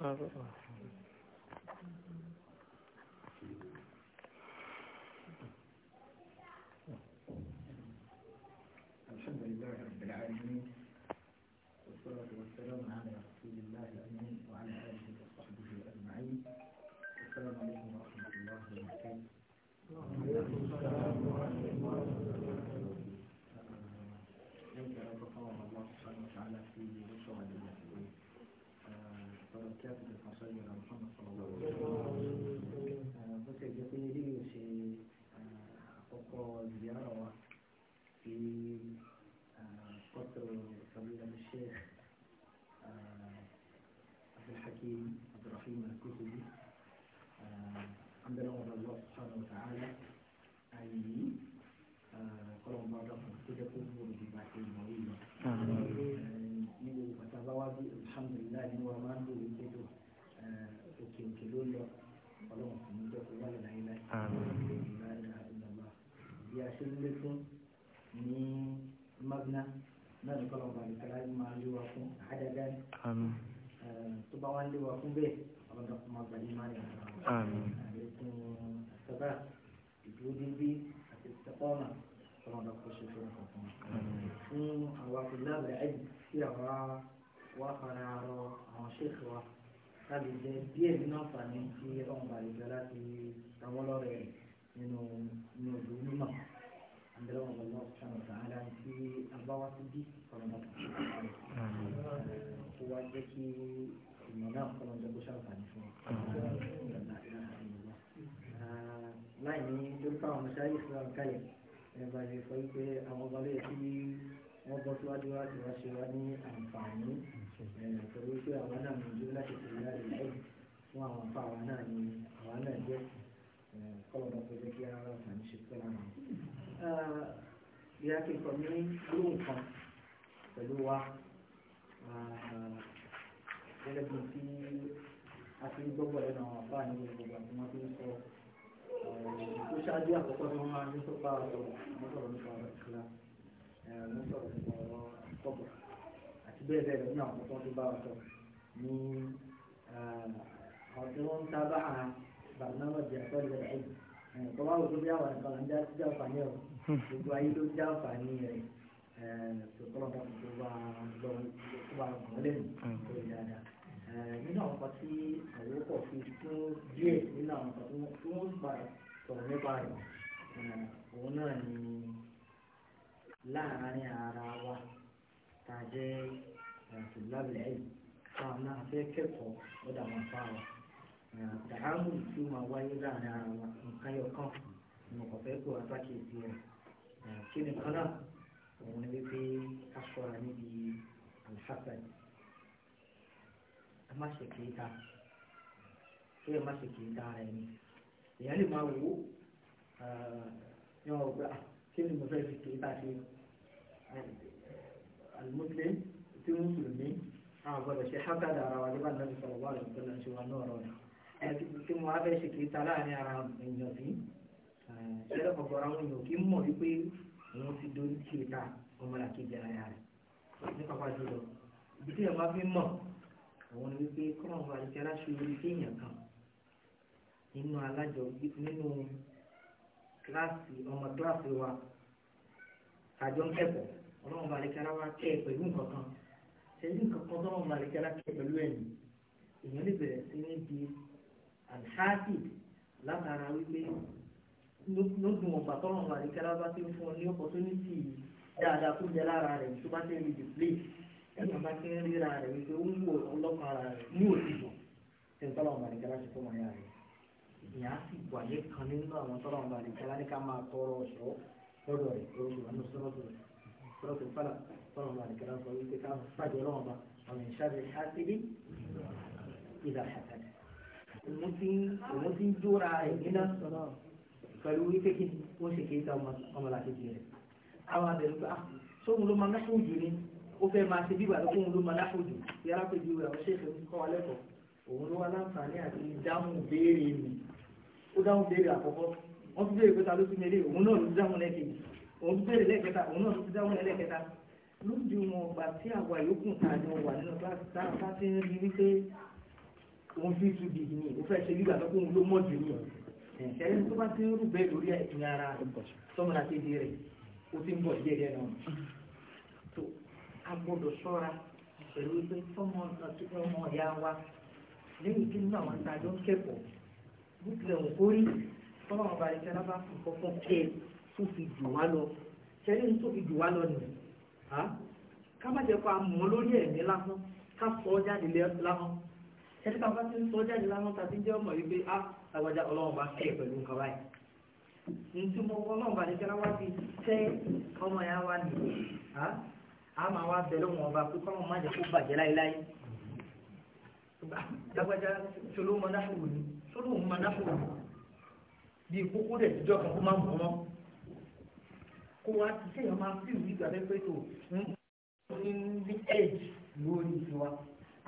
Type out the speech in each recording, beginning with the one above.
啊。ló lọ ọlọ́run kò ní jẹ́ kó má lọ láyé láyé bí a ṣe ń lékún ní magna náà ní kọ́lọ̀ bàbá ìkàlá máa lé wa fún àádáda tó bá wá lé wa fún bẹ́ẹ̀ ọlọ́dọ̀ kó má gbàdé má lè àlékún àtàbà ìdúró dédé àti ìtẹ́kọ́ọ̀mà ọlọ́dọ̀ kó ṣe fún ọkọ̀ fún àwọn akọ̀lẹ́ àbẹ̀ ẹ̀dì sí àwọn wàhálà àwọn ṣèkì wa ká lè jẹ díẹ̀ nínú àǹfààní tí ọ̀hún àlejò láti sanwó lọ́rẹ̀ nínú nínú ìlú mímọ́ àbẹ̀rẹ̀ wọn lọ́wọ́ sọ̀rọ̀ sàárà tí abáwá ti bí ọ̀rọ̀ náà kó wá jẹ́ kí ìmọ̀ náà kọ́ lọ́jọ́ bó ṣàǹfààní fún ọ. láì ní lórúkọ àwọn ọmọ sáyé ìfúnra kalẹ̀ ẹ̀bà ìfọ̀ yìí pé àwọn ọba lóye tí wọ́n bọ́ síwájú wá ti wá ṣe wá ní àǹfààní pẹ̀lú pé àwa náà ní ìlú láti fi ìyá rẹ̀ lẹ́yìn fún àwọn afá àwa náà ní àwa náà jẹ́ kọ́lọ́dọ̀ pé jẹ́ kí ara rẹ̀ fà ní ṣe pẹ́ lára wọn. ìyá kíkọ ní lóhùn kan pẹ̀lú wa gẹ́gẹ́ bí tí a ti ń gbọ́gbọ́ lẹ́nu àwọn afá ní gbogbo àti wọ́n ti ń sọ tó ṣáájú àkọ́kọ́ tí wọ́n máa ń ní sọ́pà ọ̀rọ̀ mọ́tọ̀rọ̀ ọ̀rọ̀ nípa ọ̀rọ̀ àti bẹ́ẹ̀ bẹ́ẹ̀ lọ́nà àwọn tó ń bá wa sọ ní àwọn tí wọ́n ń sábà bàbáwọ̀dì àtọ́lẹ̀ rẹ̀ tó wá wòtó bí àwọn ìkànnì já sí àǹfààní ọ̀ gbogbo ayé ló já àǹfààní rẹ̀ tòkọ́lọ́ kan tó wà lọ tó wà lọ lẹ́nu hmm. tó yẹ dáadáa nínú àwọn kan tí àwọn kọ̀ fi fún díẹ̀ nínú àwọn kan tí wọ́n padà sọ̀rọ̀ nípa rẹ̀ òun náà ni láàárín ara wa tá a jẹ́ tòlábìlì ẹ̀yìn táwọn náà fẹ́ kẹ́kọ̀ọ́ lọ́dọ̀ àwọn afá wa dàhámù tí ó máa wáyé láàrin ara wa nǹkan yọ kàn ní ọkọ̀ fẹ́ kó apákì ìdí rẹ̀ kí ni kan náà òun ni wípé ká ṣọ́ra níbi alhassan a má ṣe kìí ta kí ẹ má ṣe kìí ta ara ẹni èèyàn lè máa wò ó ní ọgbà kí ni mo fẹ́ fi kìí ta ṣe àlùmọ́sílẹ̀ tí mùsùlùmí àwọn gbọ́dọ̀ ṣe hákàdà ara wa nígbà náà sọ̀rọ̀ wà lọ́wọ́ pẹ̀lú àṣewà náà rọ̀ ni ẹ̀ẹ́dì tí mo wá fẹ́ ṣe kì í ta láàrin ara èèyàn sí ṣẹlẹ̀ ọ̀gọ̀rọ̀ àwọn èèyàn kì í mọ̀ wípé òun ti dorí kì í ta ọmọlàkejì ara rẹ̀ ní pàpà jùlọ ibi tí èèyàn fi mọ̀ òun wípé kọ́mọ̀ bá ti ara ṣe orí kéèyàn kan nínú alájọ nínú kíláàsì ọmọ kíláàsì wa àjọ ń kẹ́kọ̀ọ́ ọlọ́run balẹ̀kẹ́lá wa kẹ́ ẹ pẹ̀lú nǹkan kan ṣẹ́yìn nǹkan kan tọ́lọ́run balẹ̀kẹ́lá kẹ́ ẹ pẹ̀lú ẹ̀mí èèyàn lè bẹ̀rẹ̀ sí ní di alhaji látara wípé lódùn ọgbà tọ́lọ́run balẹ̀kẹ́lá bá ti ń fún ọ ní opportunity dáadáa tó jẹ́ lára rẹ̀ tó bá ti ń display ẹ̀yàn bá ti ń ríra rẹ̀ wípé ó ń wò ọlọ́kan ara rẹ̀ ní òtítọ́ tẹ̀ tọ́lọ́run balẹ̀kẹ́lá ṣe fún ọmọ yàrá rẹ̀ ìyá sì wà ní kan nínú tọ́lọ́run balẹ̀kẹ́lá ní ká máa tọrọ rẹ̀ lórí sọ́ọ̀tù fàlà sọ́ọ̀rọ̀ bá nìkan sọ wípé ká fàjọ náà bá ọ̀nà ìṣàbẹ̀ ṣáṣíbí ìdá ṣàtàdì. òun ti ń dúra ẹ̀ níná pẹ̀lú wípé kí ó ṣe kí ká ọmọlàkejì rẹ̀. àwọn àbẹ̀rù pé ah sóhun ló máa náfó jù ni ó fẹ́ máa ṣe bíbà ló fóhun ló máa náfó jù bí alápèjì rẹ̀ àwọn ṣèṣe ń kọ́ alẹ́kọ̀ọ́ òun ló wá láǹfààní àti dáhùn béèrè mi ó dáhùn béèrè àkọ́kọ́ wọ́n fi béèrè pé ta ló tún mi lé òun náà ló òun tó bẹ̀rẹ̀ lẹ́ẹ̀kẹta òun náà ti dáwọ́ lẹ́ẹ̀kẹta lóde wọn ọgbà tí àwa yòókù tá a jọ wà nínú tá a ti ń rí wípé òun fi tu bìbì ni òun fẹ́ ṣe gbígbà tó kóun ló mọ̀ jù ní ẹ̀ẹ́dẹ́gbẹ́ tó bá ti ń rú bẹ́ẹ̀ lórí ẹ̀yìn ara tọ́mọ̀nà kéde rẹ̀ ó ti ń bọ̀ díẹ̀ díẹ̀ náà tó a gbọ́dọ̀ ṣọ́ra pẹ̀lú pé fọ́mọ ọmọ ìyá wa lẹ́yìn tí nínú àwọn ìtajọ́ ń kórìí fọ́mọ tó fi jù wá lọ sẹ́yìn tó fi jù wá lọ nìyí ká má jẹ́ kó a mọ̀ lórí ẹ̀mí lásán ká sọ ọ́ jáde lásán ẹni ká ti ń sọ ọ́ jáde lásán tàbí jẹ́ ọmọ yìí pé a àgbàjá ọlọ́run bá kẹ́ pẹ̀lú nǹkan báyìí ntí mo wọ́n náà balẹ̀ kíra wá fi tẹ́ ọmọ yẹn wá nìyí a máa wá bẹ̀rẹ̀ wọn ọba pé kọ́mọ má jẹ́ kó bàjẹ́ láéláé dágbàjá solóhùn mọ náfò wò ni solóhùn mọ náfò wò ni bí kókó kó wá ti ṣe èèyàn máa fi ìwé ìgbà pé tó ń bí edge lórí ìfúnwa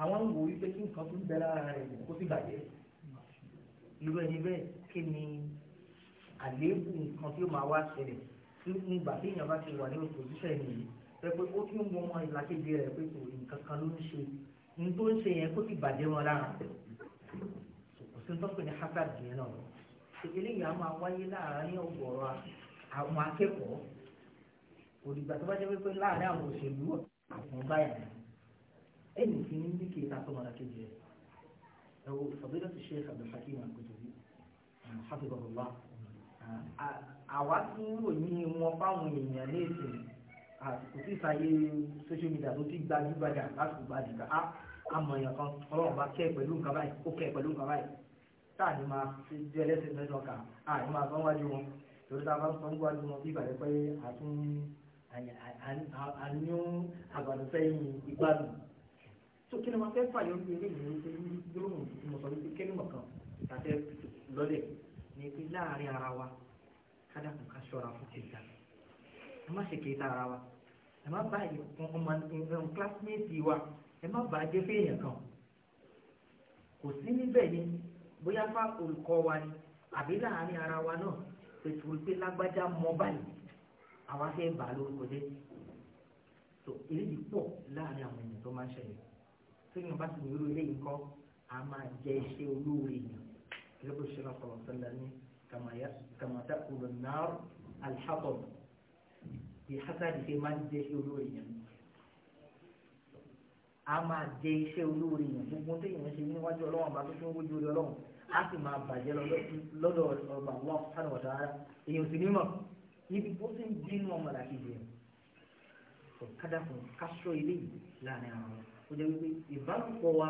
àwọn ń wò wípé kí nǹkan tó ń bẹ lára rẹ̀ kó sì bàjẹ́ irú ẹni bẹ́ẹ̀ kí ni àléébù nǹkan tí ó máa wá ṣẹlẹ̀ tí nígbà tí èèyàn bá ti wà ní òṣìṣẹ́ nìyí pé pé ó ti ń wọ ọmọ ìlàkejì rẹ̀ pé kò nǹkan kan ló ń ṣe ní tó ń ṣe yẹn kó sì bàjẹ́ wọn lára kò tọ́pẹ́ ní hasard yẹn náà eléyìí a máa wáyé láàárín ọ̀gọ̀ọ̀rọ̀ àwọn akẹ́kọ̀ọ́ òdìgbà tó bá jẹ́ pé láàrin àwọn òṣèlú àwọn báyà ẹnì fi ń bí kí atọ́mọ̀lá kejì rẹ̀ ẹ wo fàbílẹ̀ tó ṣe Abdulhakeem Al-Qutubi hafizahullah àwa tí ń rò ní wọn fáwọn èèyàn léèkì kò sí ìsàyè social media tó ti gbajúgbajà lásìkò gbajúgbajà á amọ̀yàn kan ọlọ́run bá kẹ́ pẹ̀lú nǹkan báyìí ó kẹ́ pẹ̀lú nǹkan báyìí táà ní máa jẹ́ ẹlẹ́sìn mẹ́sàn-án kà á ní máa sọ́wájú wọn lórí táwọn sọ́wájú wọn bí ìbàdí pé àtúntò àyàn àgbàdùfẹ́yìn ìgbàdùn tó kí ni wọ́n fẹ́ fàyọ̀ ní ilé ìlú ní gbólóhùn tí mo sọ wípé kẹ́lí mọ̀kan tàbí lọ́lẹ̀ ní pé láàrin ara wa kádà kò ká ṣọ́ra fún kẹta ẹ má ṣe kẹta ara wa ẹ má bá ọmọ ẹ̀rọ kílásímẹ́ẹ̀tì wa ẹ má bàá jẹ́ fẹ́yìn kan kò sí níbẹ̀ ni bóyá fá olùkọ́ wa ni àbí láàrin ara wa náà pẹ̀tùrú pé lágbájá mọ báyìí àwọn afẹ́ bà á lórúkọ jẹ́ tó eléyìí pọ̀ láàrin àwọn èèyàn tó máa ń ṣẹlẹ̀ tó yìnbọn bá ti wúlò eléyìí kọ́ a máa jẹ iṣẹ́ olóore èèyàn gẹ́gẹ́ bó ṣe lọ́kọ̀ ọ̀sẹ̀lẹ̀ ní kàmáta kùrù náà alḥàbọ̀ bí hasadi ṣe máa ń jẹ iṣẹ́ olóore èèyàn a máa jẹ iṣẹ́ olóore èèyàn gbogbo tó yìnbọn ṣe níwájú ọlọ́wọ́n bá tó tún wójú ọlọ́wọ́n a sì máa bàjẹ́ lọ́dọ̀ ọ̀bà níbi bó ti ń bínú ọmọlàkejì ẹ̀ kádàkùn kásọ ilé yìí láàrin àwọn ó jẹ́ wípé ìbálòpọ̀ wa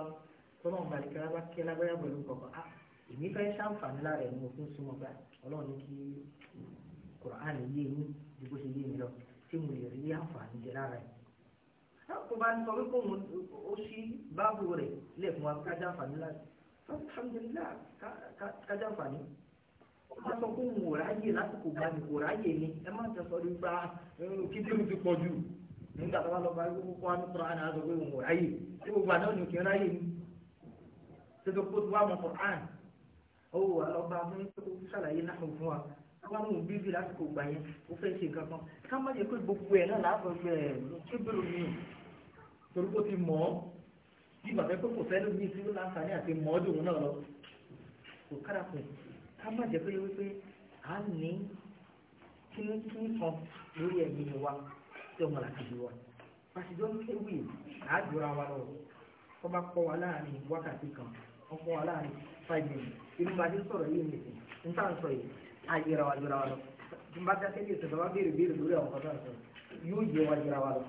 tọ́nà ọba ìkẹ́lá bá kí alágbáyà pẹ̀lú kọ̀ọ̀kan á ah, èmi fẹ́ ṣàǹfààní lára ẹ̀ ní òfin súnmọ́ gbà ah, ọlọ́run ní kí Qur'an yé mi bí bó ṣe yé mi lọ tí mo lè rí àǹfààní jẹ lára ẹ̀. kó ah, bá ní sọ pé kóun ó ṣí báàbù rẹ̀ lẹ́ẹ̀kún wa kájà àǹfààní lára alhamdulillah kájà àǹfààní wọ́n sọ pé òun ò ráyè lásìkò gba kò ráyè ni ẹ má jẹ́ sọ́dún gba kíndìnrín ti pọ̀ jù nígbà tó wọ́n lọ bá gbogbo kó wọn kúrò àná àdó pé òun ò ráyè tí gbogbo àná òní kì í ráyè ni tètè kó tó wà mọ̀ kúrò àná ó wà lọ bá fún kó sàlàyé náà fún wa wọ́n mú bíbí lásìkò gbà yẹn ó fẹ́ ṣe nǹkan kan ká má jẹ́ pé gbogbo ẹ̀ náà láàbọ̀ gbẹ ẹ̀ kébèrè mi torí kó ti mọ̀ ọ́ bí ká má jẹ́ pé wípé à ń ní kíníkíní kan lórí ẹ̀mí wa tí ọmọ làkejì wa pàṣẹjọ́ ń kéwì àádùra wa lọ kọ́ bá kọ́ wa láàrin wákàtí kan wọ́n kọ́ wa láàrin five minutes inú bá dé sọ̀rọ̀ yìí nìyí n tàn sọ yìí á yẹra wa jura wa lọ tí n bá dákẹ́ ní ìṣẹ̀dá wa béèrè béèrè lórí àwọn ọ̀dọ́ àṣọ yóò yẹ wa jura wa lọ.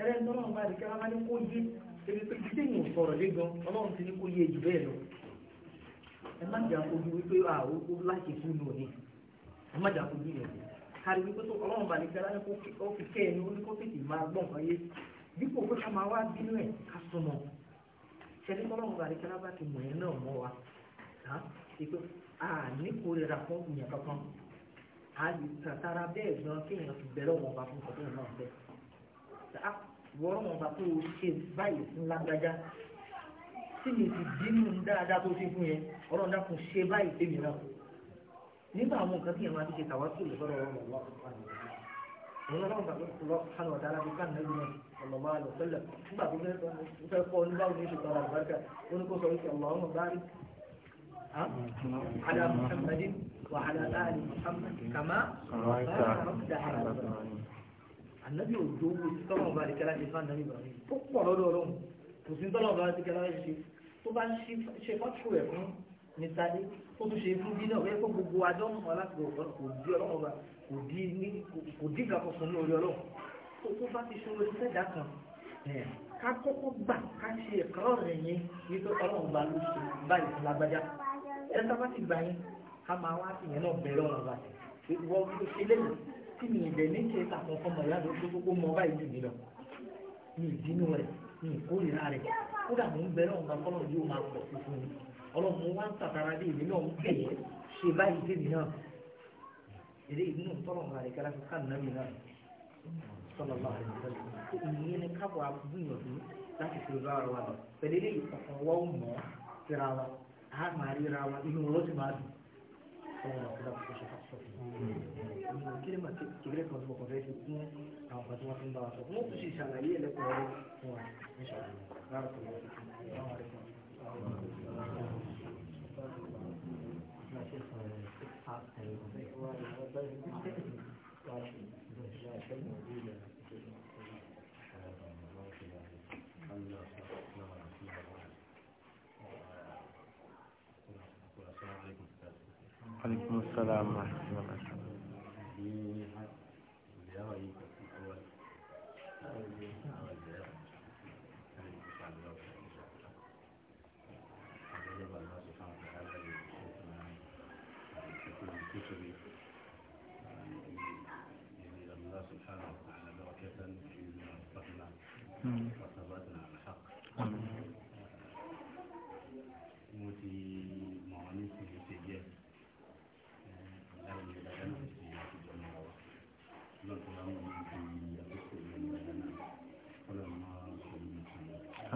ẹ̀rẹ́ ní ọlọ́run bá rí kí wọ́n ní kó yé ebi pé jíjẹ́ yìí sọ̀rọ̀ lé gan ọlọ́run ti ní kó yé jù bẹ́ẹ̀ lọ ẹ má jà fojú wípé àwòkó láti fún un lónìí ẹ má jà fojú yẹn kárí wípé tó ọlọ́run bá ní kí aláyẹ kó fi kẹ́ ẹni oníkó tètè máa gbọ́ nǹkan yé dípò pé ká máa wá bínú ẹ̀ ká súnmọ́ ṣẹlẹ ọlọ́run bá ní kí alábá ti mọ̀ ẹ́ náà mọ́ wa tán ìpè àní kò lè ra fún ìyẹn kankan àyè tàtàrà bẹ́ẹ̀ gan kéèyàn ti bẹ̀rẹ̀ wọn bá fún kọ́tọ́ náà bẹ́ẹ̀ wọ́n wọn bá tó ṣe báyìí fún lágbájá tí mi ti dínú dáadáa tó ṣe fún yẹn ọlọ́run dákun ṣe báyìí tèmi náà nígbà àwọn nǹkan tí yẹn máa fi ṣe tàwa tó lè sọ̀rọ̀ ọ̀rọ̀ lọ́wọ́ ọ̀rọ̀ lọ́wọ́ bàbá lọ hàn ọ̀dà alábi ká nínú ẹgbẹ́ ọ̀lọ́ máa lọ sẹ́lẹ̀ nígbà tó fẹ́ kọ́ nígbà wo ni ṣe tọ́ra àbúrákà ó ní kó sọ wípé ọ̀lọ́ ọmọ báyìí على محمد وعلى آل محمد كما باركت على إبراهيم النبي يقول صلى الله عليه وسلم بارك الله في النبي إبراهيم فقوا له لهم وسنتلوا بارك الله في tó bá ń ṣe fọ́tò rẹ̀ fún nìtàdé ó tún ṣe fún bí náà wẹ́n kó gbogbo adọ́mọ̀ aláṣẹ kò di ọlọ́run ọba kò di ní kò di ìgbà kankan ní orí ọlọ́run tó tó bá ti ṣòro iṣẹ́ ìdá kan ká kọ́kọ́ gbà ká ṣe ẹ̀kọ́ rẹ̀ yẹn ní tó ọlọ́run ọba ló ṣe báyìí fún lágbájá ẹ sábà ti gbà yẹn ká máa wá sí yẹn náà bẹ̀rẹ̀ ọ̀rọ̀ ọba ìwọ ló ṣe lẹ́yìn tí mi ìdẹ̀ ní ṣe tàkùn fọmọ ìyá ló tó kókó mọ báyìí kódà mò ń bẹ náà nǹkan kọ́lọ́ yóò máa pọ̀ sí fún mi ọlọ́run mo wá ń tàtàrà dé èmi náà ń pè é ṣe báyìí débi náà èdè ìdùnnú tọ́lọ̀ nǹkan àdìkálá fi ká nàmì náà sọlọ bá àdìkálá sọlọ ìyẹn ni káwọ agbóyànjú láti fi bá ara wa lọ pẹ̀lú ilé ìkọ̀kan wọ́n mọ̀ síra wa a máa ríra wa inú wọn ó sì máa dùn ọlọ́run àti من كل ما تقرأ كتب قرآن الكريم أو كتب قرآن الله مو بس إشارة لي إلى قرآن الله إن شاء الله بارك الله فيك الله يبارك فيك السلام عليكم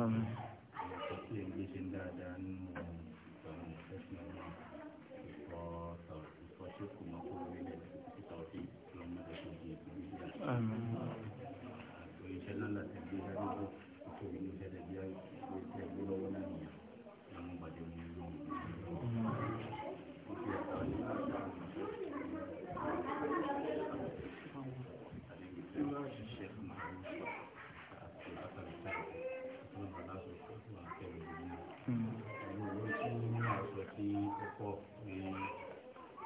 um, 嗯，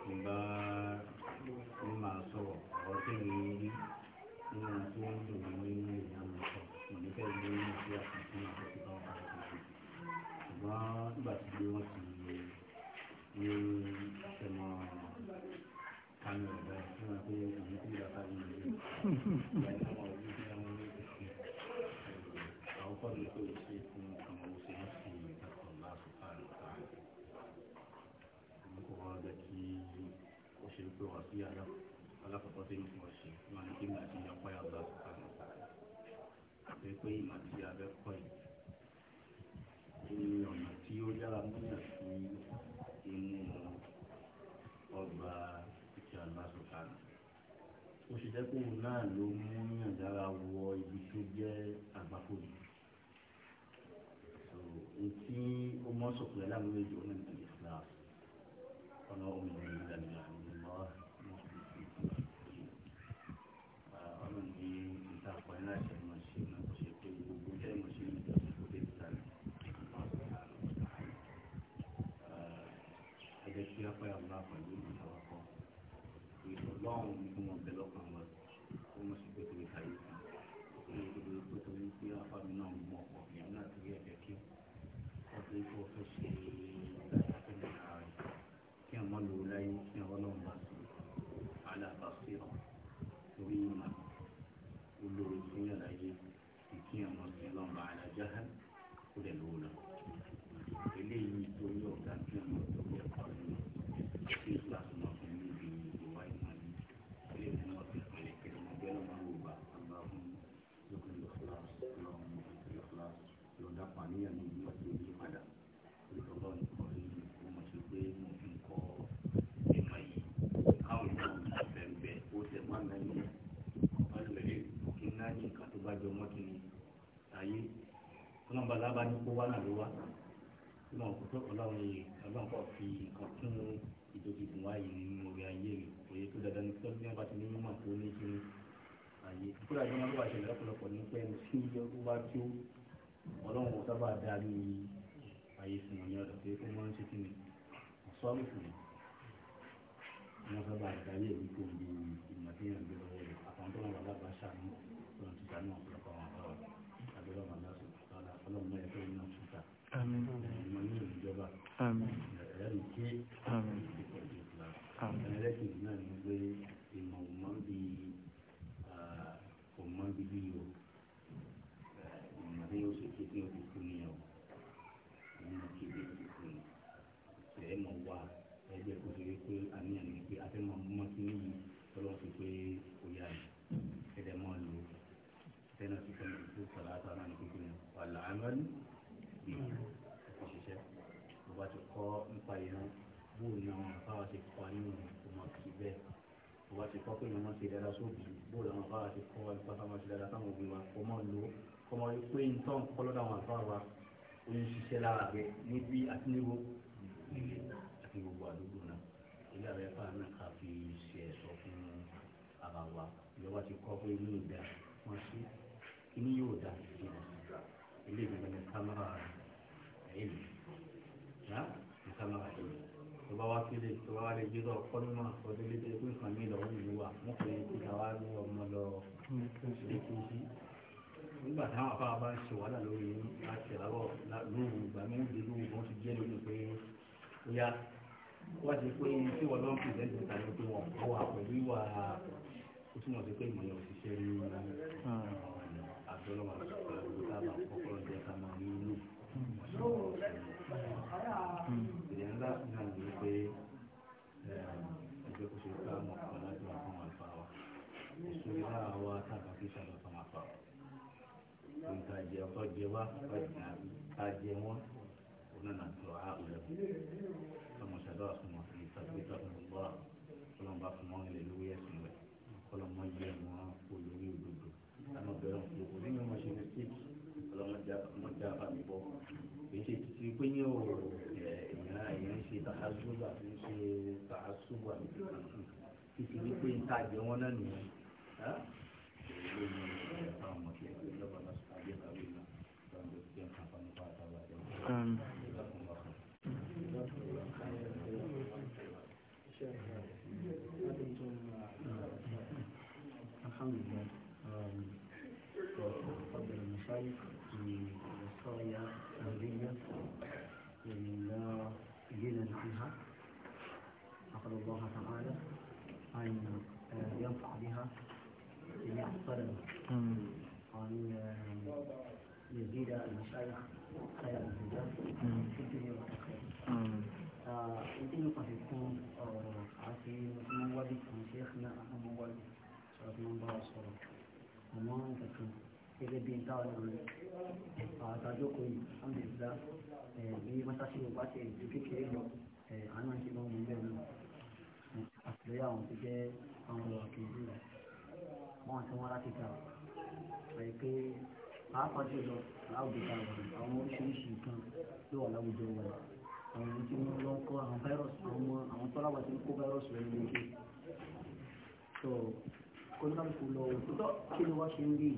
明白。ṣe pé wà sí àná alákọ̀ọ́kọ́ tí mo fi wọ́n ṣe máa ní kí màá ti yan pẹ́yà ọ̀gá àkànà àti pé ìmọ̀ àti ṣe abẹ́ kọ́ yìí ní ọ̀nà tí ó yára múyàn sí inú ọgbà ìṣe àlásùkà ó ṣe jẹ́ pé òun náà ló múyàn dára wọ ibi tó jẹ́ àgbákòyí. Ntí ó mọ́ sọ̀kùnrin láwọn méjì náà bá ní kó wá náà ló wá ìmọ̀ òkútó ọlọ́run yìí ọlọ́run kò fi nǹkan kún ìdókìkún wáyé nínú orí ayé rẹ̀ òye tó dandan ní sọ́dún yẹn bá ti ní mímọ̀ tó ní kí ayé kúrò àjọ máa ń wà ṣẹlẹ̀ lọ́pọ̀lọpọ̀ ní pé ẹni tí ó bá tó ọlọ́run kò sábà darí ayé fún wọn ní ọ̀dọ̀ pé ó máa ń ṣe kí ni sọ́ọ̀lù fún mi wọ́n sábà darí èyí tó ń di ìmọ̀ tí yẹn ń gbé lọ́wọ́ rẹ̀ àtàwọn tó ń wà ọlọ́run ẹ̀fọ́ iná fúta ẹ̀mọ́ ní ìjọba bó ni àwọn àfáà ti kọ́ nínú ìmọ̀ kì í bẹ́ẹ̀ kò bá ti kọ́ pé ìyẹn wọ́n ti dára sóbì bó làwọn àfáà ti kọ́ wa ìpàtà wọn ti dára táwọn òbí wa kò mọ̀ lò kò mọ̀ pé nǹkan kọ́ lọ́dọ̀ àwọn àfáà wa ó ń ṣiṣẹ́ lára rẹ̀ níbi àti níbo àti gbogbo àdúgbò náà ilé ààrẹ fáà náà ká fi ṣe ẹ̀sọ́ fún ara wa ìjọba ti kọ́ pé inú ìdá wọn sí inú yóò dá ìdíwọ̀ ilé ìgbìmọ̀ kámẹ́rà ẹ̀yìn ní kámẹ́rà ẹ̀yìn tó bá wá sílé tó bá wá lè jírọ̀ kọ́nùmọ̀ ọdún lédè pé nǹkan mi lọ́wọ́ ìlú wa wọ́n fi kíkà wá ní ọmọ lọ ṣe kú sí. nígbà táwọn afá bá ń ṣe wàhálà lórí láti àárọ̀ lóru ìgbà mi ń di lóru wọn ti jẹ́ lórí pé ó yá wọ́n ti pé tí wọ́n lọ ń pèsèǹtì ìta ló pé wọ́n kọ́ wà pẹ̀lú ìwà ó túmọ̀ sí pé ìmọ̀ yẹn ò ṣiṣẹ́ ní àjọ lọ́wọ́ àti ìgbà tó wa àjẹ wọn onana tó a wọlé ọmọṣadọ àfọmọ ìtàgbẹtà ọmọ ọlọmọba fọmọ ẹlẹlúwẹ ẹsùn rẹ ọlọmọ yẹ wọn olórí òdodo àmọ́ bẹ̀rẹ̀ wọn kúrò ní ọmọ ṣe ní tíìpù ọlọmọdé àfàmì bọ èyí ṣe ti pé ní ọ̀rọ̀ ìyẹn ìyẹn ṣe tàhásùbà àti ṣe tàhásùbà àti títí wípé آمين الحمد لله تقدم المشايخ بوصايا سرية لا غنى عنها أسأل الله تعالى أن ينفع بها جميع الطلبة يزيد المشايخ mọ́ nǹkan gẹ́gẹ́ bí táwọn ọ̀rọ̀ àwọn tí wọ́n lọ kọ́ àwọn fáírọ̀sì àwọn tọ́láwà tí ń kó fáírọ̀sì rẹ̀ lókè kó ní kálukú lọ òtítọ́ kí ló wá ṣe ń rí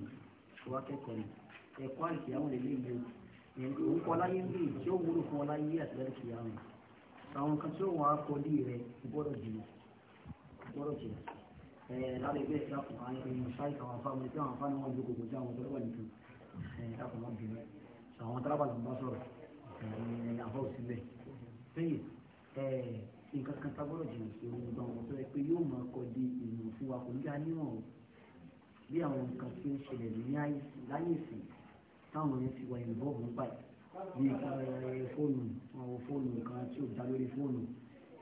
ìwà kẹ́kọ̀ọ́ ni ẹ̀kọ́ àìsí àwọn ilé yìí òun kọ́ láyé ń rí tí ó wúlò fún ọ láyé àtìlẹ́yìn kì í àwọn àwọn kan tí ó wà á kọ́ lé rẹ gbọ́dọ̀ jìnnà gbọ́dọ̀ jìnnà ẹ̀ lára ẹgbẹ́ ìdákùn àwọn ènìyàn ṣáìkà àwọn afáwọn ẹgbẹ́ àwọn afáwọn wọn jókòó kò sí àwọn tọ́lọ́wà nìkan ẹ̀ ìdákùn wọn bìnrin àwọn tálábà ló ń bá sọ̀rọ̀ ẹ̀ àfọ̀ nǹkan kan tábọ̀rọ̀ jìnnà sí ohun gbọ́n wọn tó yẹ pé yóò máa kọ́ di ìlú fún wa kò ní ká níwọ̀n o bí àwọn nǹkan tí ó ṣẹlẹ̀ ní láyé ìsìn táwọn yẹn ti wà ìbọ̀bù ń báyìí bí eh, fóònù àwọn fóònù kan tí ò dá lórí fóònù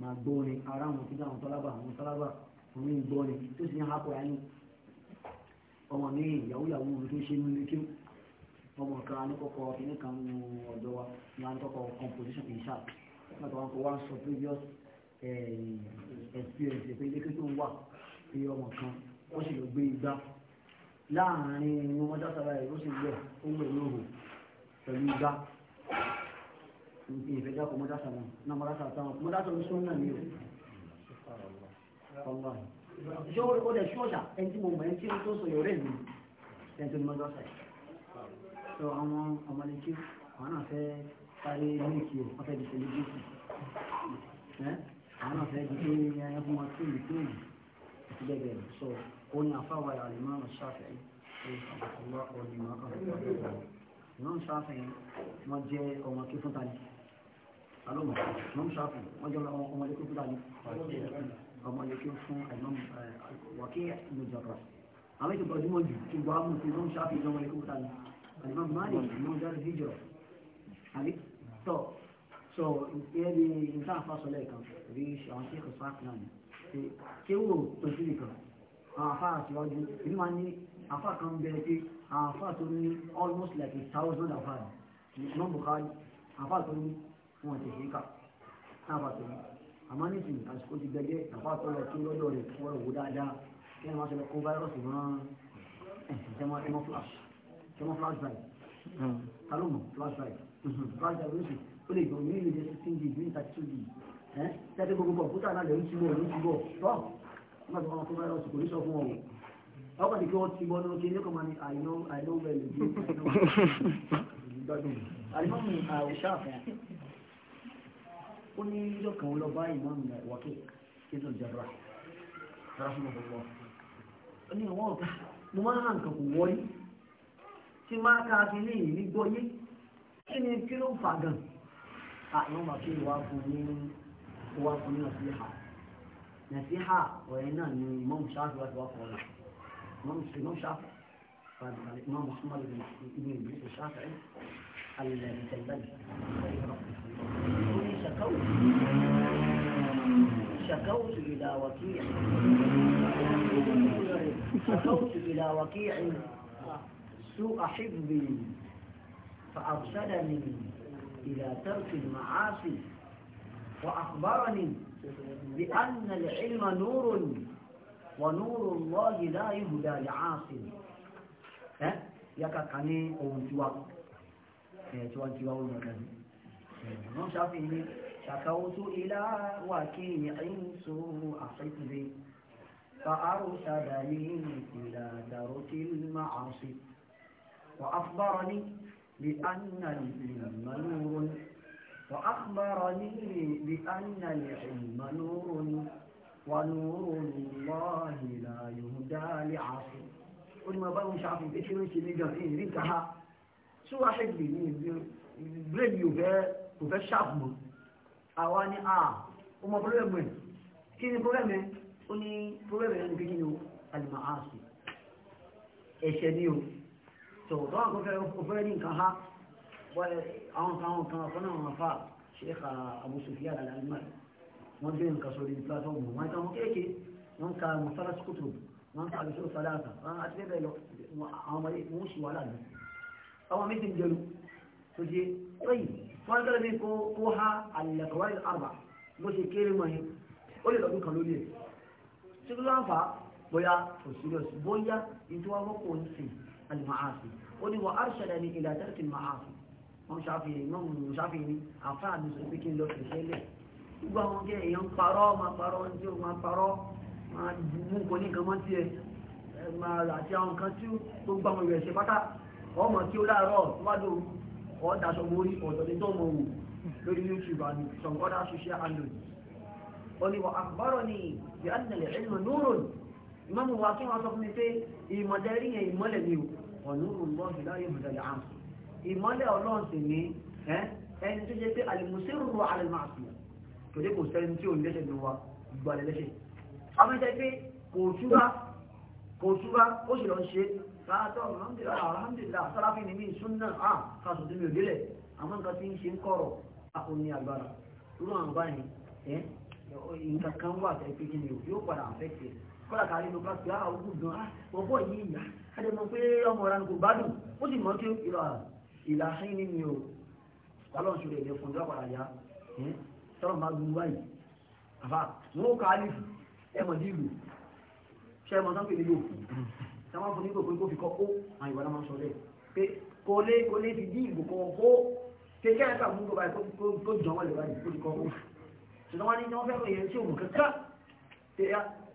máa gbọ́ ni ara wọn ti dá tọ́lábà àwọn tọ́lábà òun ń gbọ́ ni tó sì ń hapò ayé ọmọ mi ìyàwó ìyàwó mi tó ṣe nílé kí ọmọ kan ní kọ́kọ́ kìnnìkan ọ̀dọ́ wa ní wọn kọ́kọ́ composition in sharp nígbà tó wọn kọ́ wọn sọ Eh, experience pé ilé tó ń wà pé ọmọ kan ó sì lọ gbé igbá láàrin inú wọn dására ẹ̀ ó sì gbẹ ó wẹ̀ lóhù pẹ̀lú igbá nǹkan ìfẹ́ dákọ̀ mọ́dásá náà náà mọ́dásá táwọn mọ́dásá ló sún náà ní o. ṣé ó dẹ̀ ṣọ́ọ̀ṣà ẹni tí mo mọ̀ ẹni tí ó tó sọ yọ̀rẹ́ mi ẹni tó ní mọ́dásá yìí. sọ àwọn ọmọlẹ́kí àwọn náà fẹ́ sáré mílíkì ọ̀ wọ́n fẹ́ di sẹ́lẹ̀ àwọn afẹ́ di pé ẹkún wọn tó ìlú èyí àti bẹ́ẹ̀ bẹ́ẹ̀ sọ ó ní afáwà àlùmọ́ ṣáfẹ́ ìmọ̀ ṣáfẹ́ wọn jẹ́ ọmọ kí fún tani alóòmọ̀ ìmọ̀ ṣáfẹ́ wọn jẹ́ ọmọ kí fún tani ọmọ kí fún eh, eh, wàkíyà ìmọ̀jọba àwọn ètò ìgbàjúmọ̀ jù kí gbọ́ àmú sí ìmọ̀ ṣáfẹ́ ìjọba kí fún tani àlùmọ́ máàlì so ìpínlẹ̀ bí nǹkan àfàsọ̀lẹ̀ kan rí àwọn tí kò sáàkì náà ni ṣé wò tó sí nìkan àwọn afá àtiwájú èmi máa ní afá kan bẹ̀rẹ̀ pé àwọn afá tó ní almost like a thousand afá rẹ̀ ìmọ̀ Bukhari afá tó ní wọn ti ṣe é kà náà tó ní àmọ́ nísìnyí àsìkò ti gbẹgẹ́ afá tó lọ tó lọ́dọ̀ rẹ̀ wọ́n wò dáadáa kí wọ́n máa ṣe lọ kó fáírọ́ọ̀sì wọn ẹ̀mọ́ ẹ̀mọ́ flash ẹ̀mọ́ flash drive hmm. ta flash drive hmm ó lè gbọ̀n nílé ìdẹ́ sixteen gig ní thirty two gig ẹ́ tẹ́tẹ́ gbogbo kọ̀ǹpútà náà lè ń túbọ̀ ń túbọ̀ tọ́ nígbà tó wọn kó bá yọ̀ọ̀sì kò ní sọ fún ọ ọkọ̀ ní kí wọ́n ti bọ́ nínú kí ní kò máa ní àìlọ́ àìlọ́ wẹ̀lẹ̀ bí gbádùn alimọ́mù àwòṣà fún ó ní yóò kàn lọ bá ìmọ̀mù wọ́kì kí ló jẹba rahimahullah ó ní ọwọ́ ọ̀gá mo máa hàn ní ìlú ni kí ló fà gan-an أعلم في وافمين وافمين نصيحة نصيحة وإن ما مشاهد وقت وافه ولا ما مش ما مشاف ما محمد بن ابن بن الشافعي الذي تلبل شكوت شكوت إلى وكيع شكوت إلى وكيع سوء حفظي فأرسلني إلى ترك المعاصي وأخبرني بأن العلم نور ونور الله لا يهدى لعاص yaka kan ní ohun tiwa tiwa tiwa ohun kan wọ́n ṣáfi ní ṣàkàwótó ilá wà kí ní àyínsó àfẹ́kùnrin fa'arò ṣàdà ní ìlàdàrò tí máa ṣe wà afbára ní بأن العلم نور وأخبرني بأن العلم نور ونور الله لا يهدى لعاصي قل ما بقى مش عارف ايه شنو اللي جايين دي كها شو واحد لي بريو ده وده شاب awani a uma problem kini problem oni problem ni kini o al maasi ẹ̀ṣẹ̀ ni tó tó àwọn kọfẹ́ òfẹ́ ní nǹkan ha wọ́n àwọn kan àwọn kan ọ̀kan náà wọn fa ṣèkà Abu Sufyan al-Almari wọ́n gbé nǹkan sórí platform wọn kan wọn kéèké wọn ka musalas kutu wọn ka alusu salasa wọn àti bẹ́ẹ̀ lọ àwọn ọmọdé wọn sì wà láàbí àwọn méjì ń jẹlu tó di lẹ́yìn wọn gbọ́dọ̀ bí kó kó ha alẹ́kọ̀wáyé arba bó ṣe kéré mọ́ yẹn ó lè lọ́dún kan lórí ẹ̀ ṣùgbọ́n láǹfà bóyá kò sí lọ sí bóyá ìtura ń sìn alìmọ̀ àṣìí ó ní wọ́n arṣẹ́lẹ̀ ní ilẹ̀ àtẹ́sì máa fi wọ́n ṣàfihàn iná mú ṣàfihàn ní àfáà mi sọ pé kí n lọ sí ṣẹlẹ̀ gbogbo àwọn jẹ́ èèyàn parọ́ máa parọ́ tí ó máa parọ́ máa mú nǹkan ní lórí youtube and some other social handles oni wa akbaro ni bi annal ilmu nurun imamu wa kí wọn sọ fún mi pé ìmọ̀dẹ́rí yẹn ìmọ́lẹ̀ ni ọ̀nùrù lọ́ọ̀hì láyé ìbùdàlẹ̀ àmì ìmọ́lẹ̀ ọlọ́run sì ní ẹni tó jẹ́ pé àlùmùsírù rọ àlùmàṣì tòdé kò sẹ́ni tí ò ní lẹ́sẹ̀ ló wa gbọ́dẹ̀ lẹ́sẹ̀ amẹ́sẹ̀ pé kò túbá kò túbá ó sì lọ ṣe káàtọ́ alhamdulillah sáláfì ní mí súnà á káàtó tó mi ò délẹ̀ àmọ́ nǹkan tí ń ṣe ń kọ̀rọ̀ kọ́lá kàrí ló bá gbá àwọn ògùn gan ọ̀bọ̀ yìí ìyá adé mọ̀ pé ọmọ ọ̀rá ni kò gbádùn ó sì mọ̀ kí ìlà ìlà ṣín ní mi o ọlọ́run ṣe lè lè fún ìjọba àyà tọ́lọ̀ máa gbogbo báyìí àfà wọn ó kàá nífù ẹmọ dìgbò ṣe ẹmọ sáńpẹ̀ lè yóò fún ṣe wọ́n fún ní gbogbo kó fi kọ́ ó àwọn ìwà náà máa sọ bẹ́ẹ̀ pé kò lè kò lè fi kọ́ ó kékeré àti àwọn gbogbo báyìí kó jọ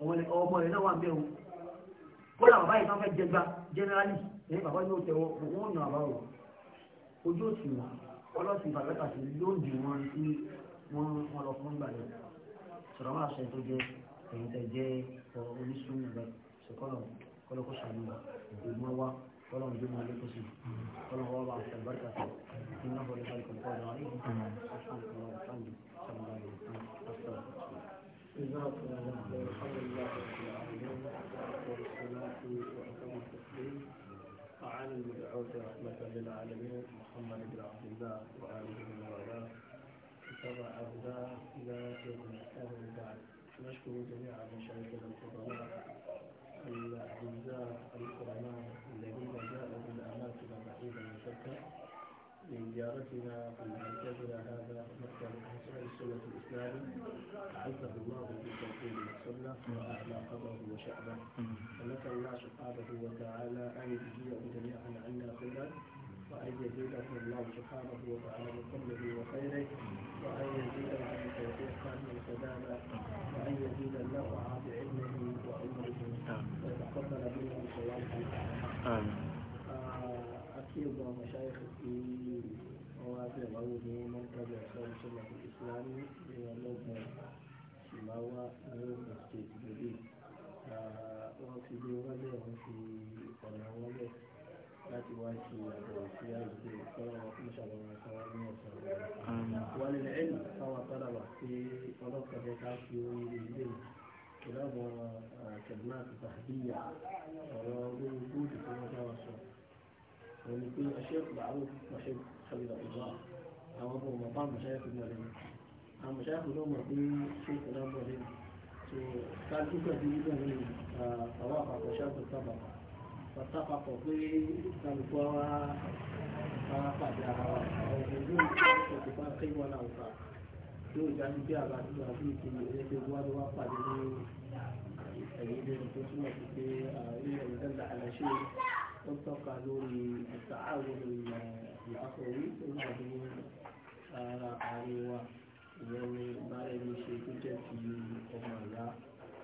ọmọ rẹ̀ náà wà bẹ́ẹ̀ o kódà bàbá yìí kan fẹ́ jẹgba generally ẹ̀yìn bàbá yóò tẹ̀ wọ́n nà bàbá o ojú òsì wọn ọlọ́sìn ìbàlẹ́kàsí lóòdì wọn sí wọn wọn lọ fún ìgbà yẹn sọ̀rọ̀ máa sọ ètò jẹ èyí tẹ̀ jẹ́ orísun rẹ̀ sọ̀kọ́lọ̀ kọ́lọ́kọ́ sàmúlò ìgbìmọ̀ wa kọ́lọ́ ìjọ máa lékún sí kọ́lọ́ wọn bá fẹ́ bárkà sí ìnáwó ìbáraẹ̀kọ̀ kọ́lọ́ àríyìn على المبعوث رحمة للعالمين محمد بن عبد الله وآله وآله وتبع أهداه إلى يوم القيامة بعد نشكر جميع مشايخنا الفضلاء الأعزاء الكرماء الذين جاءوا من أماكن بعيدة وشتى لزيارتنا في مركزنا هذا مركز السنة الإسلامي أعزه الله بالتوفيق والسنة وأعلى قدره وشأنه ونسأل الله سبحانه وتعالى أن يجزيه جميعا عنا خيرا وأن يزيده الله سبحانه وتعالى من فضله وخيره وأن يزيده من توفيقه والسداد وأن يزيد الله عن علمه وعمره ويتقبل منه صلاته آمين ìyàwó ní mọ́tàbí àṣàlù sọ́là ìsìlámù ní ọlọ́gbọ̀n ìmáwá ní ogun state lórí wọ́n fi lé wálé wọ́n fi ọ̀nà wọlé láti wá sí àbẹ̀wò sí àgbègbè ìfọ́nà ìṣàlọ́ ìṣàlọ́ ní ọ̀sán wọ́n lè lẹ́yìn fáwọn tọ́lọ̀wà sí ọlọ́kọ̀ọ́kẹ́ ká fi orí ilé ìlànà kẹ̀mínà àti tàbíyà ọ̀rọ̀ olóògbé tó wọ́n bá wọn sọ òun ni pé ẹṣẹ́ ìgbà àwọn òṣèlú sọ̀rọ̀ ìwà àwọn ọmọ ọmọ bá mọ̀ṣáyà tó mọ̀ lẹ́nu àwọn mọ̀ṣáyà tó mọ̀ pé ṣé kò náà mọ̀ lẹ́nu tó kájú pẹ̀lú nígbà ní àwọn àpapọ̀ ṣáàtò sábà pátá papọ̀ pé kálukú wa bá pàdé ara wa àwọn ọmọ ìlú ìṣòkò bá kí wọn náà wà yóò jáde bí àbá tó wà bí ìkíni ẹgbẹ́ wa ló wá pàdé ní ẹ̀yìn ó tọ́ka lórí ẹ̀ka àwòrán ìlà ìlàkọ̀wé tó ń bọ̀ ní ara àríwá ìyẹn ní bára ẹni ṣe tó jẹ́ ti ọmọ ìyá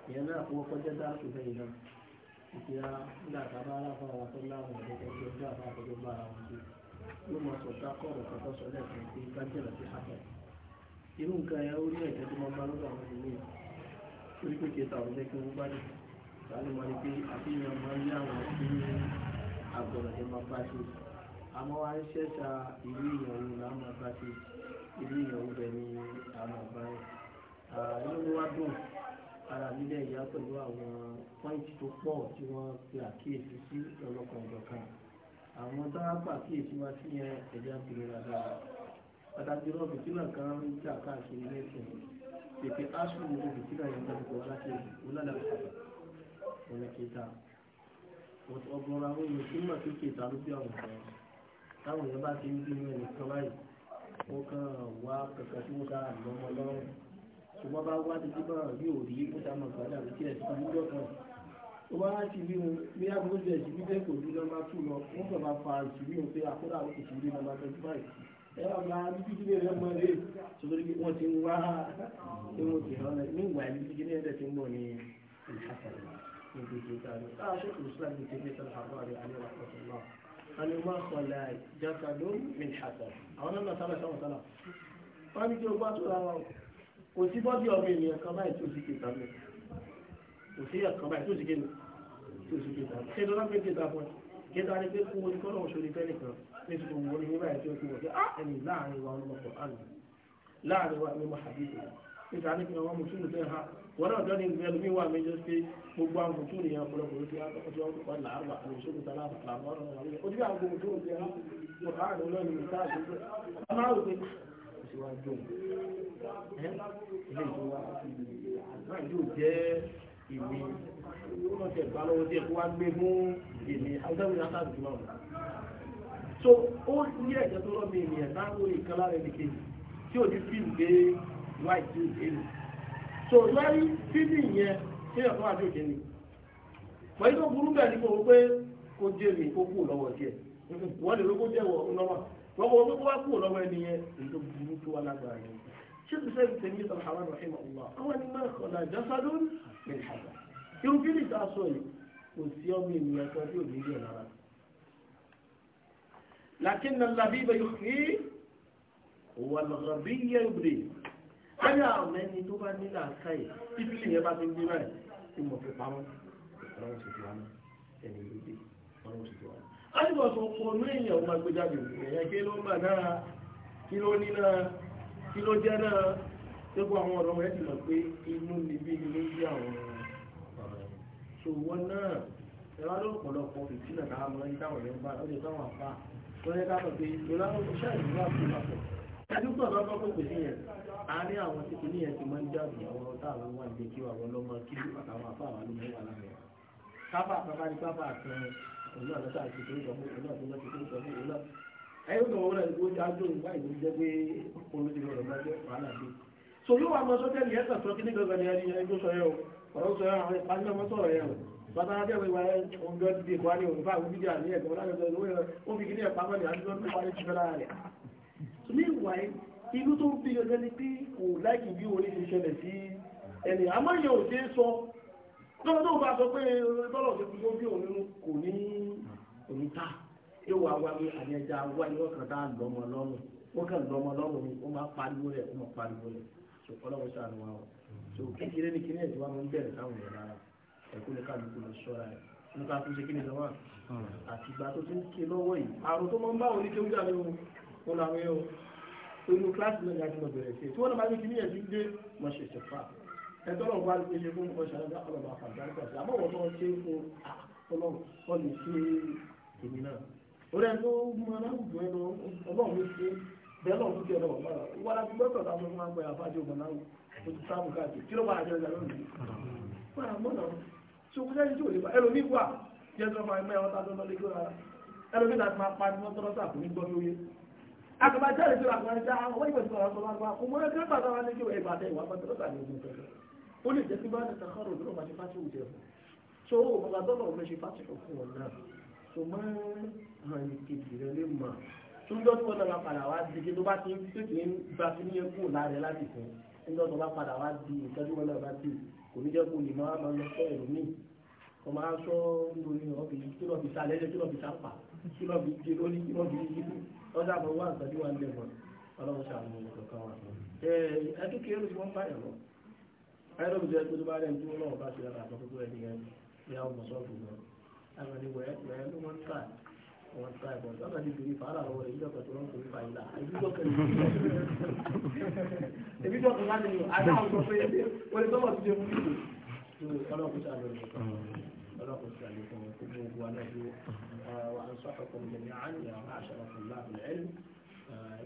ìyẹn náà wọ́n kọjá dáàtò lẹ́yìn náà ìpè á nígbà tá a bá ráfa wa tó láwọn ọ̀dọ́kọ̀ tó ń dáàbà àtọ́jọ́ bá ara wọn ṣe ló máa sọ ká kọ̀ọ̀rọ̀ kan tó sọ lẹ́ẹ̀kan pé bá jẹ́ lọ́sí àpẹ̀. irú nǹkan ẹ̀ ó ní ẹ̀jẹ̀ tó máa bá lọ́dọ̀ àwọn ènìyàn torí pé kí ẹ tàwọn kí wọ́n bá dé. sáré wọn ni pé àfihàn máa ń ní àwọn ìpínlẹ̀ àgbọ̀rọ̀ máa bá ṣe àmọ́ wa ń ṣẹ́ta ìlú ìyàwó là á máa bá ṣe ìlú ìyàwó bẹ̀ ni a máa bá yẹn. inú mi wá dùn ara mi dẹ̀ yá pẹ̀lú àwọn pọ́ìntì tó pọ̀ tí wọ́n fi àkíyèsí sí ọlọ́kan ọ̀jọ̀kan àwọn tá a pa àkíyèsí wá sí yẹn ẹ̀já kiri rárá pàtàkì lọ fìtílà kan ń jà káàkiri lẹ́sìn pèpè áṣù gbogbo fìtílà yẹn lọ́dún kọ́ wá láti ìlú ládàá ìsàlẹ̀ òun ni kí ọgbọ̀n àwọn èèyàn tí mọ̀ sókè ta àwọn ọ̀rọ̀ táwọn èèyàn bá ti ń bí wọn nìkan báyìí wọ́n kàn wá kankan tí wọ́n dára lọ́mọ lọ́rùn ṣùgbọ́n bá wá títí bá rí òrí ó dá mọ̀ gbádà ló tiẹ̀ sí lọ́jọ́ kan tó bá ti rí wọn bí agbóhùn tiẹ̀ sí bí kò rí nọ́mbà tù lọ wọ́n kàn máa fa ìṣúrí wọn pé àkúrà ó kò sí rí nọ́mbà tẹ́tí báyìí ẹ wà máa bí bí níbi ìta ni a ṣe kò sílá ní tèmi sọ àbọ̀ rẹ̀ alẹ́ wà pọ̀ sọ̀rọ̀ a ní wọ́n kọ́ la jáka ló ń mi ṣàtọ̀ àwọn náà sálà sáwọn sálà wọ́n ní kí o bá tó ra wọn kò sí bọ́dí ọmọ ènìyàn kan báyìí tó sì kéta mi kò sí ẹ̀kan báyìí tó sì kéta tó sì kéta ṣé lọ́nà pé kéta fún ẹ kéta ni pé kó o ní kọ́ lọ́wọ́ sórí fẹ́ nìkan ní ti gbogbo orí ní báyìí tó kú wọ́n kí á ẹni láàrin wa ọmọ kọ̀ níta níbi àwọn mùsùlùmí fẹ́ ha wọn náà dọ́ni ìgbẹ́lu mi wà méjọ pé gbogbo àwọn mùsùlùmí yẹn ọ̀pọ̀lọpọ̀ ló ti wá tọ́kọ̀ tí wọ́n kópa làárọ̀ àwọn mùsùlùmí ta láàbà làwọn ọ̀rọ̀ wọn wọlé ojú àwọn mùsùlùmí fẹ́ ha wọn á lọ lọ́nu ìta àdúgbò wọn á rò pé kò sí wàá dùn so ó ní ẹ̀jẹ̀ tó rọ́ mi ènìyàn táwọn ìkan lára ẹnì kejì tí ò ní fíìmù pé wáì tí òjé nù so lórí fídì yẹn tí èèyàn tó wà tí òjé nù pọ̀ yìí tó burú bẹ́ẹ̀ ni kò wọ́n pé kó jẹ́ mi kó kú lọ́wọ́ tiẹ̀ wọ́n lè ló kó jẹ́ wọ́n lọ́wọ́ wọ́n kò wọ́n kó wá kú lọ́wọ́ ẹni yẹn èyí tó burú tó wà lágbára yẹn ṣé ti sẹ́yìn tẹ̀mí ìtàn àwọn rahim allah àwọn ni máa kọ̀ lájà sádùn ní ìhàdà irú kí ni ìta yìí kò sí ọmọ ènìyàn kan tí ò ní yẹ̀ lára لكن اللبيب يحيي والغبي يبري ayé àwọn ẹni tó bá ní làákàyè bíbélì yẹn bá ti ń gbé báyìí tí mo fi pamọ́ ọlọ́run sì ti wá náà ẹni ló dé ọlọ́run sì ti wá náà. alùpùpù sọ pé ọ̀nà èèyàn máa gbé jáde èèyàn kí ló mà náà kí ló ní náà kí ló jẹ́ náà gbogbo àwọn ọ̀rọ̀ ẹ̀ ti mọ̀ pé inú níbí ni ló ń gbé àwọn ọ̀rọ̀ ẹ̀ so náà ẹ̀rọ lọ́pọ̀lọpọ̀ fìtínà ẹdúgbò náà bá pèsè ní yẹn àárín àwọn tí kìíní yẹn ti máa ń jáde àwọn táwọn wà ní kí àwọn ọlọ́mọ kí àtàwọn afáwọn alómi wà láàrin kábà kábà ní kábà kan òun náà lọ́sà àti tó ń sọ fún òun náà tó lọ́sà tó ń sọ fún òun náà ẹ̀yìn tó wọ́n rẹ̀ ó jájó ìwá ìlú jẹ́ pé olóde rẹ̀ bá jẹ́ wàhálà dé. so yóò wá mọ sọ́tẹ́lì ẹ̀sán sọ kí ní gangan ni ẹni ẹjọ́ sọ yẹ o ọ̀rọ̀ sọ yẹ àwọn ìpàdé ọmọ sọ̀rọ̀ yẹ o bàtà ajẹ́ pé wàá ọ̀gbọ́n ti dè wá ní òun bá àwọn fídíò àníyàn kan láti sọ ìwé rẹ̀ ó fi kí ní ẹ̀pá meanwhile inú tó ń bí ọjọ́ ni pé kò láìkì bí orí ti ṣẹlẹ̀ sí ẹni àmọ́ ìyẹn ò ṣe é sọ lọ́wọ́ tó bá sọ pé bọ́lọ̀ tó fi yóò bí òun kò ní òun ta yóò wá wá ní àmì ẹja wá ní ọkàn tá lọ́mọ lọ́rùn wọ́n kàn lọ́mọ lọ́rùn ni ó máa pariwo rẹ̀ ó máa pariwo rẹ̀ so ọlọ́wọ́ sànù wa o so kékeré ni kíní ẹ̀jẹ̀ wa máa ń bẹ̀rẹ̀ sáwọn èèyàn lára ẹ̀kú ní kálukú lọ sọ́ra ẹ̀ nípa tó ṣe kíní lọ́wọ́ hmm. àtìgbà tó ti ń ké lọ́wọ́ yìí àrùn tó máa ń bá òun ní kéwúdà lóhun wọn làwọn yẹn o inú kíláàsì náà yàtí mo bẹ̀rẹ̀ sí i tí wọ́n bá ní kí ní ẹ̀jú dé mo ṣe ṣe fà ẹ̀tọ́ lọ́wọ́ bá ṣe fún mi ọ̀ṣà ẹ̀dá ọ̀rọ̀ bá fàdá nípa sí àmọ́ wọ́n ṣe fún ọlọ́run ní sí èmi náà orí ẹ̀ tó mú ọ láwùjọ ẹ̀ lọ ọlọ́run ló ṣe bẹ́ẹ̀ lọ́wọ́ fún kí ọlọ́run bá rà wọ́n á ti gbọ́dọ̀ táwọn ọmọ máa ń pẹ́ àfáàjọ ọmọ náà ó ti sáàmù káàkiri kí ló bá àjọ ìjà lónìí wọ́n á mọ̀ náà ṣòkúta ẹni tí ò lè bá ẹlòmíì wà jẹ́ sọ́fà ẹ̀mẹ́ ọ̀tá tó lọ lé kó rárá ẹlòmíì láti máa pa ní wọ́n tọ́lọ́sà kò ní gbọ́ lóye akaba jáde sí àgbà ẹja àwọn wọ́n yìí sọ̀rọ̀ àgbà àgbà ọmọ ẹgbẹ́ bàbá wa ní kí wọ́n ìbàdàn ìwà bàtà lọ́sà ní ogun tẹ̀lé ó lè jẹ́ sí bá ní sàkárò lọ́rọ̀ bá ti fásitì òjò ẹ̀fọ́ tó o máa ń hàn ń jọ́ di tó bá ti ń tètè ń gba sí ní ẹkún láàrẹ láti fún ń jọ́ tó bá padà wá di ìtẹ́jú wọn náà bá ti kò ní jẹ́ kó lè máa máa lọ sọ ẹ̀rọ míì kò máa sọ nítorí ọ̀bì kí lọ́ọ̀bì sálẹ̀ kí lórí ọjà àbọ̀ wà nǹkan tí wà ń lè bọ̀ ọlọ́run ṣàánú kankan wa. ẹ kékeré ló ti wọ́n báyọ̀ lọ. ayélujára jẹ́ pé tó bá rẹ̀ ń dúró lọ́wọ́ bá ṣe ara àtọ́ tó ẹni yẹn ní àwọn ọmọ sọ́ọ̀bù lọ. àwọn ẹni wẹ̀ ẹ́ ló wọ́n ń tà wọ́n tà ẹ̀bọ̀ lọ́nà ti fi وأنصحكم جميعا يا معشر طلاب العلم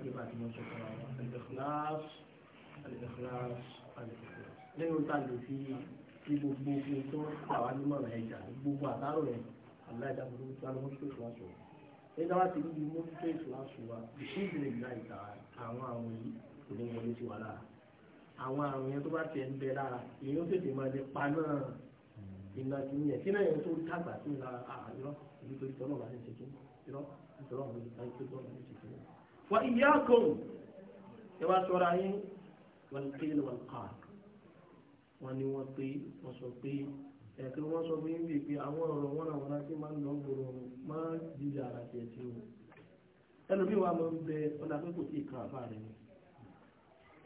جماعة المنصفة الإخلاص الإخلاص الإخلاص lẹ́yìn tá a lè fi fi gbogbo ohun tó àwọn anímọ̀ràn ẹ̀jà gbogbo àtàrò rẹ̀ aláìdáàbò tó wà lọ́wọ́ tó ìfúnra sọ̀rọ̀ ẹ̀dá wa ti níbi mú tó ìfúnra sọ̀rọ̀ ìṣe ìdílé ìlà ìta àwọn àwọn yìí kò ní wọlé sí wa lára àwọn àrùn yẹn tó bá tiẹ̀ ń bẹ lára èyí ó tètè máa lè pa náà ìlànà ìyẹn kí náà yẹn tó dàgbà sí ìlà àárọ̀ nítorí tọ́lọ́ wà ní ṣe kíni irọ́ nítorí àwọn olùkọ́ ayé tó tọ́lọ́ ní ṣe kíni. wà ìyá kan ẹ wá sọ́ra yín wọ́n ké wọ́n kà wọ́n ní wọ́n pé wọ́n sọ pé ẹ̀ka wọ́n sọ fún yín bíi pé àwọn ọ̀rọ̀ wọn àwọn aláṣẹ máa ń lọ gbòòrò máa ń jíjà ara tiẹ̀ tí o ẹlòmíì wa máa ń bẹ ọ̀nà pé kò tí ì kan àbá rẹ̀ ni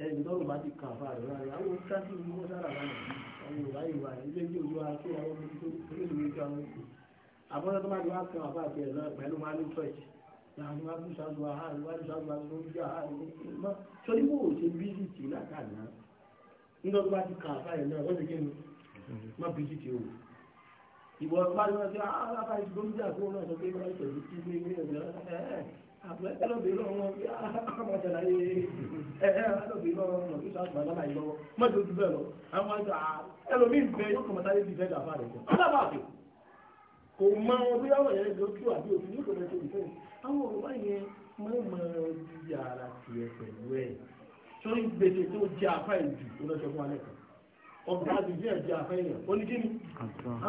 ẹni bá ti kàn fáàrí wá rẹ̀ àwọn káàkiri mọ́ sára wà ní àwọn ìwà ìwà ilé ní ojú ara tó àwọn ọmọ tó olóògbé tó àwọn ìkò àbọ̀dọ̀ tó máa di wá kan àbá àti ẹ̀rọ pẹ̀lú máa ní tọ́ọ̀jì láàrin wá ní sàdùn àárín wá ní sàdùn àárín lórí ìjà àárín mọ́ sórí bó ṣe bíjì tì látàná nígbà tó bá ti kà fáyẹ̀ náà wọ́n ti kí ni má bíjì tì o ìwọ pálí wọn ti alábà ah, ìgbóhùnjà kó náà sọ pé wọn ti tẹ̀lé tí ilé ilé ẹ̀rọ àpẹẹrẹ ẹlọ́bìnrin náà wọn bí àmọ̀tẹ̀láyé ẹlọ́bìnrin náà wọn kí sàgbà náà láì lọ́wọ́ mọ́tò ojú bẹ́ẹ̀ lọ àwọn ẹlòmíì bẹ́ẹ̀ yóò kọ̀mọ́tà kò mọ ọdún yàwọ̀ yẹn lójú àbí òfin yóò tọ́lẹ̀ tó ìfẹ́ àwọn ọ̀rọ̀ yẹn mọ́ mọ́ di ara tiẹ̀ pẹ̀lú ẹ̀ sórí gbèsè tó jẹ́ afá ìjù tó lọ́sọ̀ fún alẹ́ kan ọ̀gá àdìsí ẹ̀ jẹ́ afá ìyẹn ó ní kí ni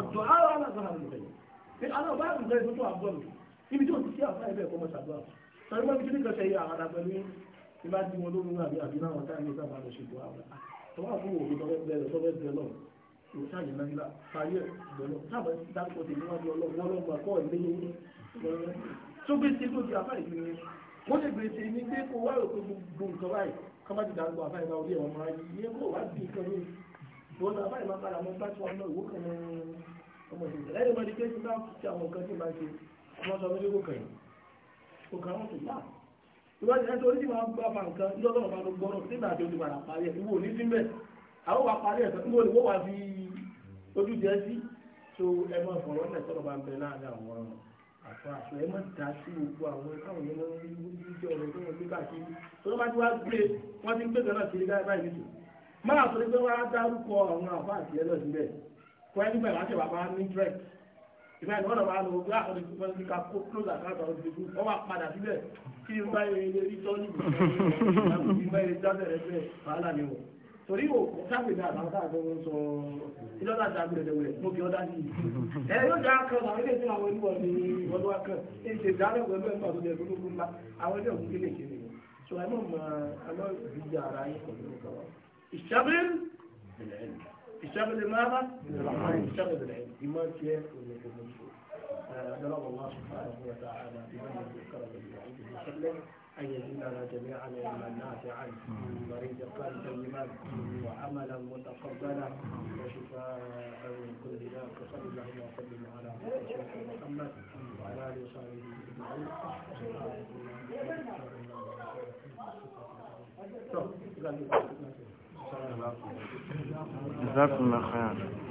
àtọ̀ ara alágbára ló fẹ́ yẹn pé alábá àgbẹ̀ tó tó àgbọ̀ mi ibi tó ti sí afá ẹ̀ bẹ́ẹ̀ kọ́ mọ́ sàgbà ni kan ṣe yẹ àràdà pẹ̀lú ìbá ti wọn lórí àbí àbí náà wọn táyé sábà lọ ṣètò àwọn tọ́wọ́ àbúrò òfin tọ́wọ́ bẹ́ẹ̀ lọ ìwòsàlẹ̀ mẹ́rìnlá parí ẹ̀ gbọ́dọ̀ tábà dárúkọ tèmi wájú ọlọ́wọ́ ọlọ́wọ́ akọ́ ìléyìn tó gbé ṣe lóde àfáì fún mi wọ́n lè gbé ṣe ní pé kó wá rò gbogbo nǹkan báyìí ká ti dárúkọ àfáì bá orí ẹ̀ wọ́n máa yẹ kó wá bí nǹkan mi ìwọ́n náà máa padà mọ́ bá tí wọ́n náà ìwó kan ọmọ ìṣẹ̀lẹ̀ lẹ́yìn mọ́ ni àwọn wà parí ẹ̀sán níbo ni wọ́n wà fi ojú jẹ́ sí tó ẹ máa fọ̀rọ̀ lẹ̀ sọ̀rọ̀ bá ń bẹ láàrin àwọn àfọ àṣọ ẹ máa dá sí gbogbo àwọn káwọn yẹn máa ń rí ojú ọ̀rọ̀ tó wọn gbé káàkiri tó wọ́n bá ti wá gbé wọ́n ti gbé náà kiri báyìí sọ pé wọ́n á dárúkọ àwọn àti síbẹ̀ torí o sábẹ̀dá àtàwọn àgbọ̀n sọ ìlọ́dà tí a gbé ẹ̀dẹ̀wẹ̀ mo fi ọ́dá sí i ẹ yóò já kan àwọn ilé tí àwọn olúwọ̀ ní ọdún wa kan èyí ṣe dáná pẹ̀lú ẹ̀fọ́ àtúndì ẹ̀dùn tó kún bá àwọn ilé òkú kéde kéde so ẹ náà máa alọ́ ìdíje ara yín pẹ̀lú ọkọ̀ wa. ìṣàbẹ̀l ìṣàbẹ̀l máa ìṣàbẹ̀l ìmọ̀ tiẹ̀ òyìnbó أن يجعلنا جميعا علما نافعا طريقا طيبا وعملا متقبلا وشفاء من كل داء فصل اللهم وسلم على محمد وعلى آله وصحبه أجمعين جزاكم الله خيرا